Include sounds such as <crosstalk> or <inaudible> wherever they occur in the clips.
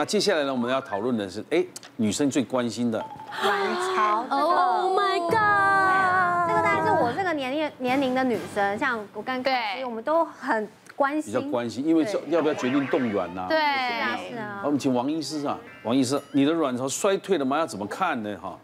那接下來呢？我們要討論的是，哎、欸，女生最關心的卵巢、這個。Oh my god！這個大概是我這個年齡年齡的女生，像我剛剛，所以我們都很關心。比較關心，因為要要不要決定凍卵吶、啊？對就是、啊，是啊。我們請王醫師啊，王醫師，你的卵巢衰退了嗎？要怎麼看呢？哈，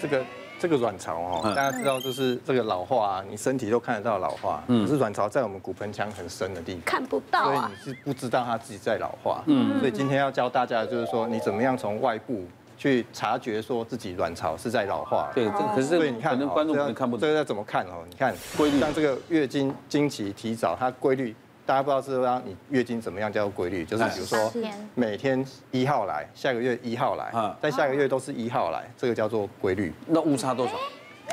這個。這個卵巢哦，大家知道就是這個老化啊，你身體都看得到老化。可是卵巢在我們骨盆腔很深的地方看不到，所以你是不知道它自己在老化。嗯，所以今天要教大家的就是說，你怎麼樣從外部去察覺說自己卵巢是在老化。對，這個可是這個你看，觀眾可能看不懂，這個要怎麼看哦？你看規律，像這個月經經期提早，它規律。大家不知道是不是啊你月經怎麼樣叫做規律，就是比如說每天一號來，下個月一號來，但下個月都是一號來，這個叫做規律。那誤差多少？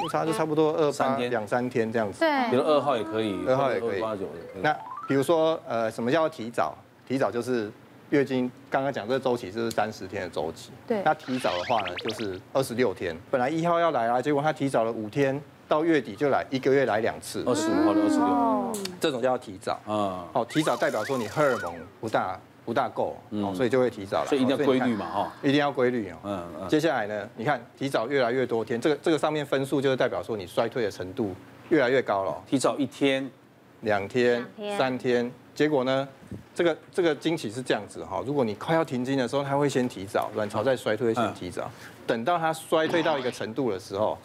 誤差就差不多二三天，兩三天這樣子。對，比如二號也可以，二號也可以。二八九也可以。那比如說呃，什麼叫提早？提早就是月經剛剛講這個周期就是三十天的周期。對。那提早的話呢，就是二十六天，本來一號要來啊，結果他提早了五天，到月底就來，一個月來兩次。二十五號到二十六號。這種叫提早，嗯，提早代表說你荷爾蒙不大不大夠，所以就會提早了。所以一定要規律嘛，一定要規律哦，嗯嗯。接下來呢，你看提早越來越多天，這個這個上面分數就是代表說你衰退的程度越來越高了。提早一天、兩天、三天，結果呢，這個這個經期是這樣子哈，如果你快要停經的時候，它會先提早，卵巢在衰退先提早，等到它衰退到一個程度的時候，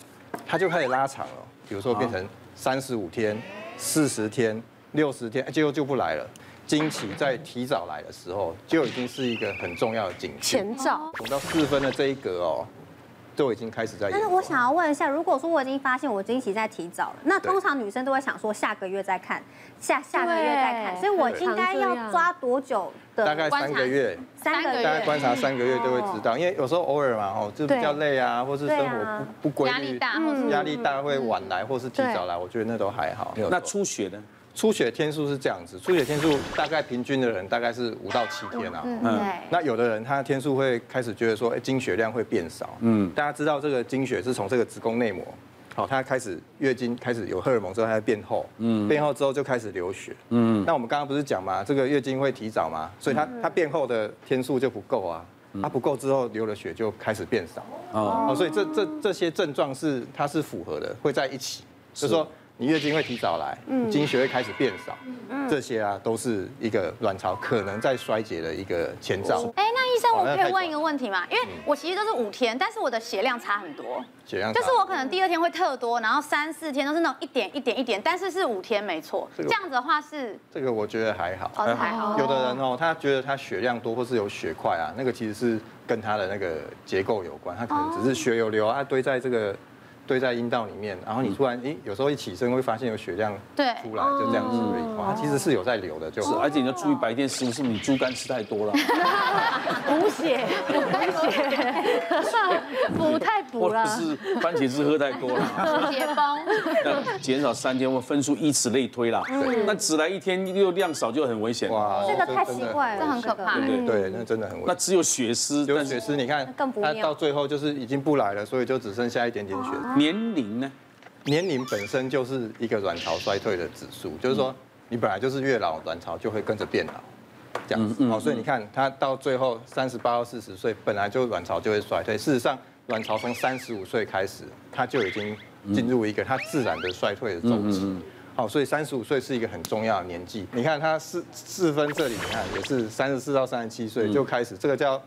它就開始拉長了，比如說變成三十五天。四十天、六十天，最後就不來了。經期在提早來的時候，就已經是一個很重要的警前兆，等到四分的這一格哦。都已經開始在。但是，我想要問一下，如果說我已經發現我經期在提早了，那通常女生都會想說下個月再看，下下個月再看，所以我應該要抓多久的觀察？三個月，三個月,三個月,大概觀察三個月就會知道，因為有時候偶爾嘛，哦，就比較累啊，或是生活不不規律，壓力大，嗯、壓力大會晚來、嗯、或是提早來，我覺得那都還好。那出血呢？出血天數是這樣子，出血天數大概平均的人大概是五到七天啊。嗯，那有的人他天數會開始覺得說，哎，經血量會變少。嗯，大家知道這個經血是從這個子宮內膜，好，他開始月經開始有荷爾蒙之後，他變厚。嗯，變厚之後就開始流血。嗯，那我們剛剛不是講嘛，這個月經會提早嘛，所以他他變厚的天數就不夠啊，他不夠之後流的血就開始變少。哦，所以這這，這些症狀是它是符合的，會在一起，是、就是說。你月經會提早來，嗯，經血會開始變少，嗯，這些啊都是一個卵巢可能在衰竭的一個前兆。哎，那醫生我可以問一個問題嗎？因為我其實都是五天，但是我的血量差很多，血量就是我可能第二天會特多，然後三四天都是那種一點一點一點，但是是五天沒錯。這樣子的話是這個，這個我覺得還好，好的還好。有的人哦、喔，他覺得他血量多或是有血塊啊，那個其實是跟他的那個結構有關，他可能只是血有流，啊，堆在這個。堆在陰道裡面，然後你突然誒，有時候一起身會發現有血量出來，對，就這樣子的一塊，其實是有在流的就，就是。而且你要注意白天是不是你豬肝吃太多了，補血補血，補太補了。不是番茄汁喝太多了，血 <laughs> 幫 <laughs> 減少三天或分數，以此類推啦。嗯、那只來一天又量少，就很危險。哇，這個太奇怪了，哦、這很可怕。對對，對對那真的很危險。那只有血絲，流血絲，你看，那到最後就是已經不來了，所以就只剩下一點點血。年齡呢？年齡本身就是一個卵巢衰退的指數，就是說你本來就是越老，卵巢就會跟着變老，這樣子。好，所以你看他到最後三十八到四十歲，本來就卵巢就會衰退。事實上，卵巢從三十五歲開始，它就已經進入一個它自然的衰退的周期。好，所以三十五歲是一個很重要的年紀。你看他四四分這裡，你看也是三十四到三十七歲就開始，這個叫。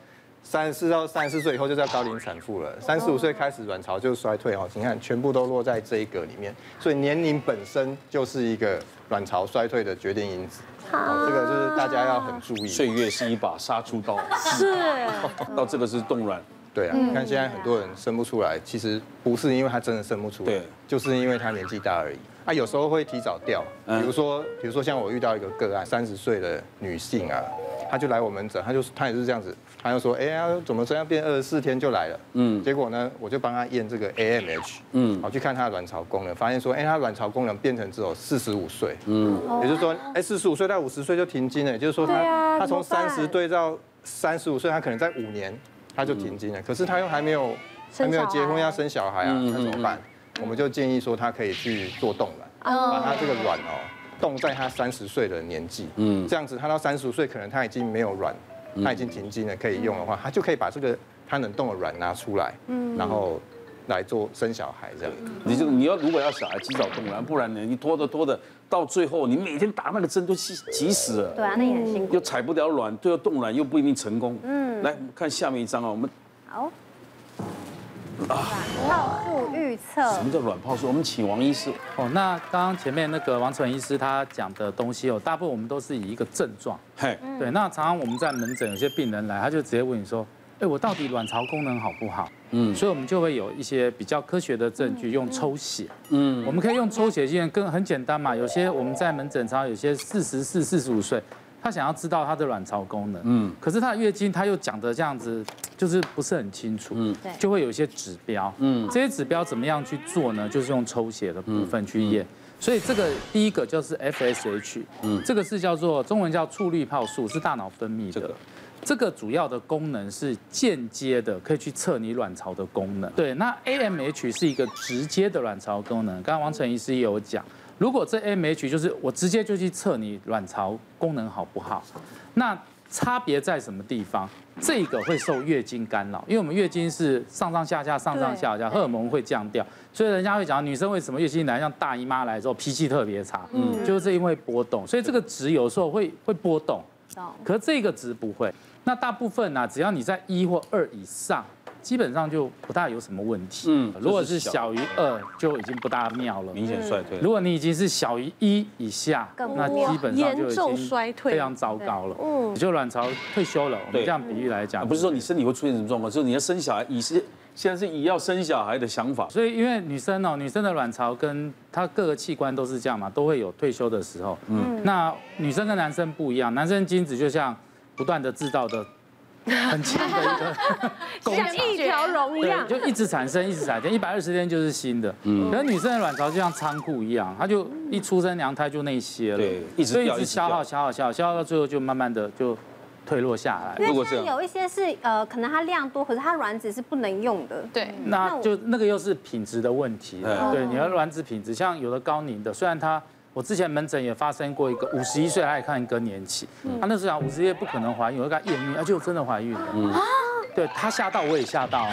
三十四到三十四歲以後就叫高齡產婦了，三十五歲開始卵巢就衰退哦。你看全部都落在這一格裡面，所以年齡本身就是一個卵巢衰退的決定因子。好，這個就是大家要很注意、啊，歲月是一把殺豬刀。是，是，啊、到這個是凍卵。對啊、嗯，你看現在很多人生不出來，其實不是因為他真的生不出來，就是因為他年紀大而已。啊，有時候會提早掉，比如說，比如說像我遇到一個個案，三十歲的女性啊。他就來我們診，他就他也是這樣子，他就說，哎呀，怎麼這樣變二十四天就來了？嗯，結果呢，我就幫他驗這個 AMH，嗯，好去看他的卵巢功能，發現說，哎，他卵巢功能變成只有四十五歲，嗯，也就是說，哎，四十五歲到五十歲就停經了，也就是說他、啊、他從三十歲到三十五歲，他可能在五年他就停經了，可是他又還沒有還沒有結婚要生小孩啊，那怎麼辦？我們就建議說他可以去做凍卵，把他這個卵哦、喔。凍在她三十歲的年紀，嗯，這樣子，她到三十歲，可能她已經沒有卵，她已經停經了，可以用的話，她就可以把這個她能凍的卵拿出來，嗯，然後來做生小孩這樣、嗯。你就你要如果要小孩，及早凍卵，不然呢，你拖着拖着，到最後你每天打那個針都急死了。對啊，那也很辛苦。又踩不了卵，最後凍卵又不一定成功。嗯，來看下面一張啊，我們好。卵泡預測？什麼叫卵泡數？我們請王醫師。哦，那剛剛前面那個王呈瑋醫師他講的東西哦，大部分我們都是以一個症狀。嘿、hey.，對。那常常我們在門診有些病人來，他就直接問你說：“哎、欸，我到底卵巢功能好不好？”嗯，所以我們就會有一些比較科學的證據，用抽血。嗯，我們可以用抽血經驗，跟很簡單嘛。有些我們在門診常常有些四十四、四十五歲。他想要知道他的卵巢功能，嗯，可是他的月經他又講得這樣子，就是不是很清楚，嗯，對，就會有一些指標，嗯，這些指標怎麼樣去做呢？就是用抽血的部分去驗，所以這個第一個就是 FSH，嗯，這個是叫做中文叫促濾泡素，是大腦分泌這個這個主要的功能是間接的，可以去測你卵巢的功能，對，那 AMH 是一個直接的卵巢功能，剛剛王呈瑋醫師也有講。如果這 M H 就是我直接就去測你卵巢功能好不好？那差別在什麼地方？這個會受月經干擾，因為我們月經是上上下下、上上下下，荷爾蒙會降掉，所以人家會講女生為什麼月經來像大姨媽來的時候脾氣特別差，嗯，就是因為波動，所以這個值有時候會會波動，可是這個值不會。那大部分呢，啊，只要你在一或二以上。基本上就不大有什麼問題嗯。嗯，如果是小於二，就已經不大妙了、嗯。明顯衰退。如果你已經是小於一以下，那基本上就已經嚴重衰退，非常糟糕了。嗯，就卵巢退休了。我們這樣比喻來講，嗯、不是說你身體會出現什麼狀況，就是你要生小孩，已是現在是以要生小孩的想法。所以，因為女生哦，女生的卵巢跟她各個器官都是這樣嘛，都會有退休的時候。嗯，那女生跟男生不一樣，男生精子就像不斷的製造的。很強的一個，像一條龍一樣，就一直產生，一直產生，一百二十天就是新的。嗯，可能女生的卵巢就像倉庫一樣，她就一出生娘胎就那些了，對，一直一直消耗，消耗，消耗，消耗到最後就慢慢的就退落下來。如果是有一些是呃，可能它量多，可是它卵子是不能用的，對，那就那個又是品質的問題了對，對，你的卵子品質，像有的高齡的，雖然它。我之前門診也發生過一個五十一歲愛看更年期，她、嗯啊、那時候講五十一歲不可能懷孕，我跟她驗孕，而且我真的懷孕了、嗯、對她嚇到，到，我也嚇到，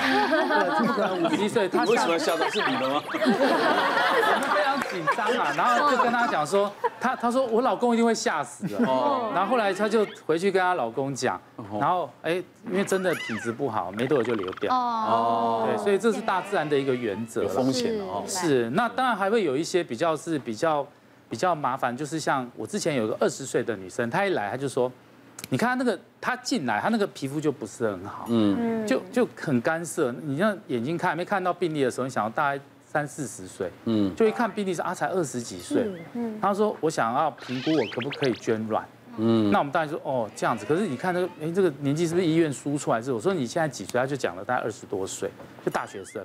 對不可能五十一歲。她為什麼嚇到是你的嗎？我 <laughs> <laughs> 們非常緊張啊，然後就跟她講說，她他，他說我老公一定會嚇死的、哦，然後後來她就回去跟她老公講，然後哎、欸，因為真的體質不好，沒多久就流掉哦。對，所以這是大自然的一個原則，有風險哦、喔。是，那當然還會有一些比較是比較。比較麻煩，就是像我之前有一個二十歲的女生，她一來，她就說：“你看那個，她進來，她那個皮膚就不是很好，嗯，就就很乾澀。你像眼睛看沒看到病歷的時候，你想要大概三四十歲，嗯，就一看病歷是啊，才二十幾歲、嗯，嗯，她說我想要評估我可不可以捐卵，嗯，那我們當然說哦這樣子，可是你看那個，哎、欸，這個年紀是不是醫院輸出來之後，我說你現在幾歲？她就講了大概二十多歲，就大學生，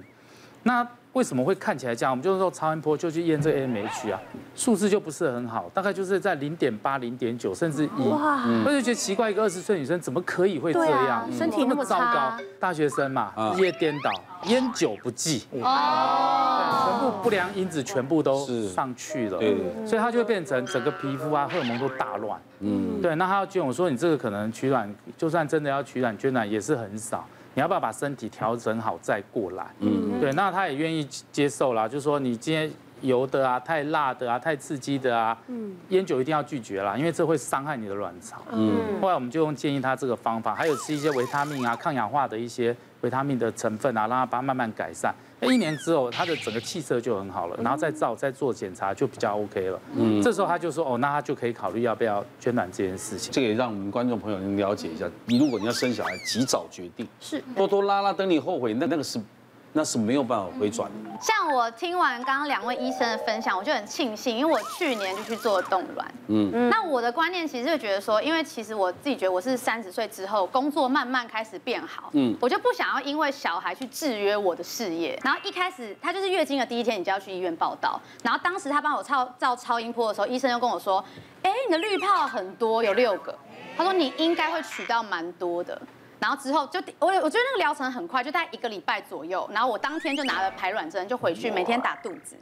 那。”為什麼會看起來這樣？我們就是說，超音波就去驗這個 AMH 啊，數字就不是很好，大概就是在零點八、零點九，甚至一。Wow. 我就覺得奇怪，一個二十歲女生怎麼可以會這樣？啊、身體那麼、嗯、這麼糟糕，大學生嘛，一、uh. 夜顛倒，菸酒不忌，哦、oh.，全部不良因子全部都上去了，對對對，所以它就會變成整個皮膚啊、荷爾蒙都大亂。嗯， <noise> 對。那他要跟我說，你這個可能取卵，就算真的要取卵，捐卵，卵也是很少。你要不要把身體調整好再過來？嗯，嗯，對，那他也願意接受啦。就是說，你今天油的啊、太辣的啊、太刺激的啊，嗯，煙酒一定要拒絕啦，因為這會傷害你的卵巢。嗯，後來我們就用建議他這個方法，還有吃一些維他命啊、抗氧化的一些。維他命的成分啊，讓他把它慢慢改善。那一年之後，他的整個氣色就很好了，然後再照再做檢查就比較 OK 了。嗯，這時候他就說：“哦，那他就可以考慮要不要捐卵這件事情。”這個也讓我們觀眾朋友能了解一下，你如果你要生小孩，及早決定，是拖拖拉拉等你後悔，那那個是。那是沒有辦法回轉的。像我聽完剛剛兩位醫生的分享，我就很慶幸，因為我去年就去做凍卵。嗯，嗯，那我的觀念其實就覺得說，因為其實我自己覺得我是三十歲之後，工作慢慢開始變好。嗯，我就不想要因為小孩去制約我的事業。然後一開始他就是月經的第一天，你就要去醫院報到。然後當時他幫我照照超音波的時候，醫生又跟我說，哎，你的濾泡很多，有六個。他說你應該會取到蠻多的。然後之後就我，我覺得那個療程很快，就大概一個禮拜左右。然後我當天就拿了排卵針，就回去每天打肚子。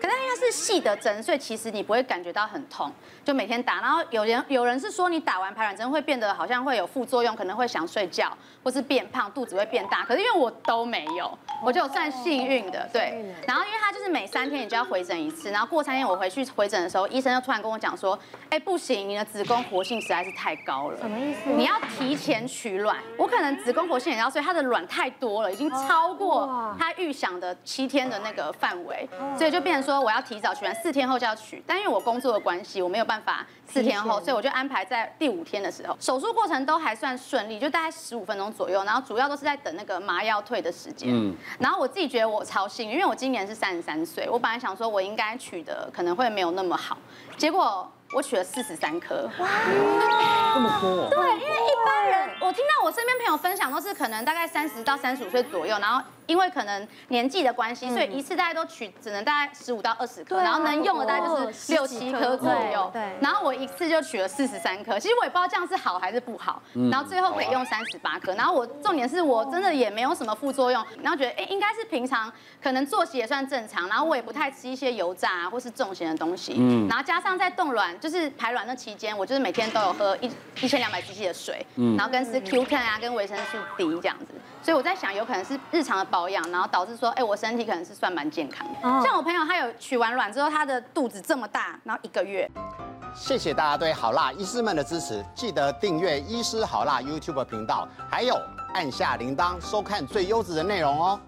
可是因為是細的針，所以其實你不會感覺到很痛，就每天打。然後有人有人是說你打完排卵針會變得好像會有副作用，可能會想睡覺或是變胖，肚子會變大。可是因為我都沒有，我就算幸運的。對。然後因為他就是每三天你就要回診一次，然後過三天我回去回診的時候，醫生又突然跟我講說，欸，哎不行，你的子宮活性實在是太高了。什麼意思？你要提前取卵。我可能子宮活性也高，所以他的卵太多了，已經超過他預想的七天的那個範圍，所以就變。說我要提早取完，四天後就要取，但因為我工作的關係，我沒有辦法四天後，所以我就安排在第五天的時候。手術過程都還算順利，就大概十五分鐘左右，然後主要都是在等那個麻藥退的時間。嗯，然後我自己覺得我超幸運，因為我今年是三十三歲，我本來想說我應該取的可能會沒有那麼好，結果我取了四十三顆。哇，這麼多！對，因為一般人，我聽到我身邊朋友分享都是可能大概三十到三十五歲左右，然後。因為可能年紀的關係，嗯、所以一次大概都取只能大概十五到二十顆，然後能用的大概就是六克七顆左右，對。對，然後我一次就取了四十三顆，其實我也不知道這樣是好還是不好。嗯、然後最後可以用三十八顆。然後我重點是我真的也沒有什麼副作用，然後覺得哎，應該是平常可能作息也算正常，然後我也不太吃一些油炸、啊、或是重鹹的東西。嗯，然後加上在凍卵就是排卵那期間，我就是每天都有喝一一千兩百 cc 的水，嗯，然後跟吃 Q 10啊，跟維生素 D 這樣子。所以我在想，有可能是日常的保養，然後導致說，哎、欸，我身體可能是算蠻健康的。Oh. 像我朋友，他有取完卵之後，他的肚子這麼大，然後一個月。謝謝大家對好辣醫師們的支持，記得訂閱醫師好辣 YouTube 頻道，還有按下鈴鐺，收看最優質的內容哦。